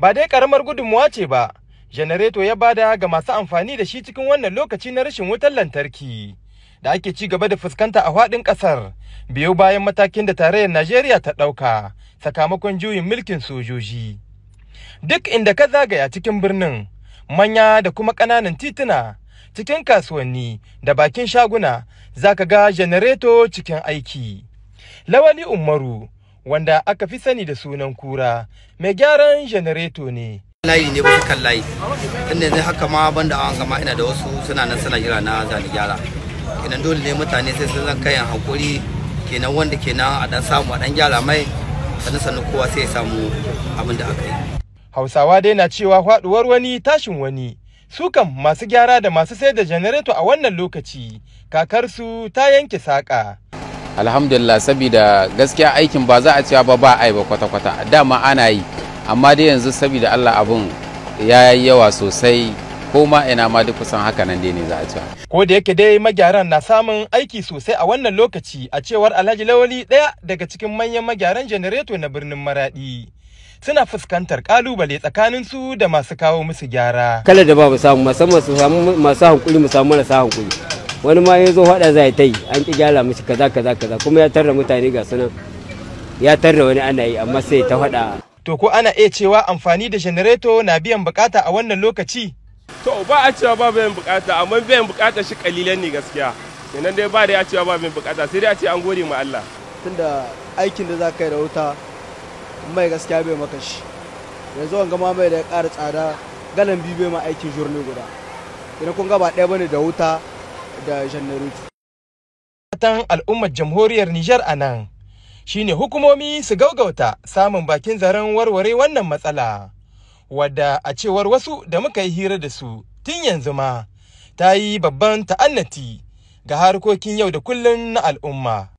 ba dai karamar gudunmuwa ce ba janareto ya bada ga masu amfani da shi cikin wannan lokaci na rashin wutar lantarki da ake ci gaba da fuskanta a faɗin ƙasar biyo bayan matakin da tarayyar najeriya ta ɗauka sakamakon juyin mulkin sojoji duk inda ka zagaya cikin birnin manya da kuma ƙananan tituna cikin kasuwanni da bakin shaguna za ka ga janareto cikin aiki lawali umaru wanda aka fi sani da sunan kura mai gyaran janareto ne layi ne wasu kan layi inda zai haka ma banda an gama ina da wasu suna nan suna jira na zani gyara kenan dole ne mutane sai sun zan kayan hakuri kenan wanda kenan a dan samu a dan gyara mai sannan sannan kowa sai ya samu abin da aka yi hausawa dai na cewa faduwar wani tashin wani sukan masu gyara da masu sai da janareto a wannan lokaci kakarsu ta yanke saƙa. alhamdulillah saboda gaskiya aikin ba za a cewa ba ba ai ba kwata-kwata dama ana yi amma dai yanzu saboda allah abun ya yi yawa sosai ko ma ina ma duk kusan haka nan dai ne za a cewa. ko da yake dai magyaran na samun aiki sosai a wannan lokaci a cewar alhaji lawali daya daga cikin manyan magyaran janareto na birnin maraɗi suna fuskantar kalubale tsakanin su da masu kawo musu gyara. Kala da babu samu musamman su samu masu hankuli mu samu marasa hankuli. wani ma ya zo hada zai ta yi an ki gyara mishi kaza kaza kaza kuma ya tarra mutane ga sunan ya tarra wani ana yi amma sai ta hada to ko ana iya cewa amfani da janareto na biyan bukata a wannan lokaci to ba a cewa ba biyan bukata amma biyan bukata shi kalilan ne gaskiya kenan dai ba da ya cewa ba biyan bukata sai dai a ce an gode ma Allah tunda aikin da za yi da wuta mai gaskiya bai maka shi yanzu wanga ma mai da ya kara tsada galan biyu bai ma aikin jurni guda idan kun gaba ɗaya bane da wuta da fatan al'ummar jamhuriyar nijar a nan ne hukumomi su gaugauta samun bakin zaren warware wannan matsala wadda a cewar wasu da muka yi hira da su tun yanzu ma ta yi babban ta'annati ga harkokin yau da kullum na al'umma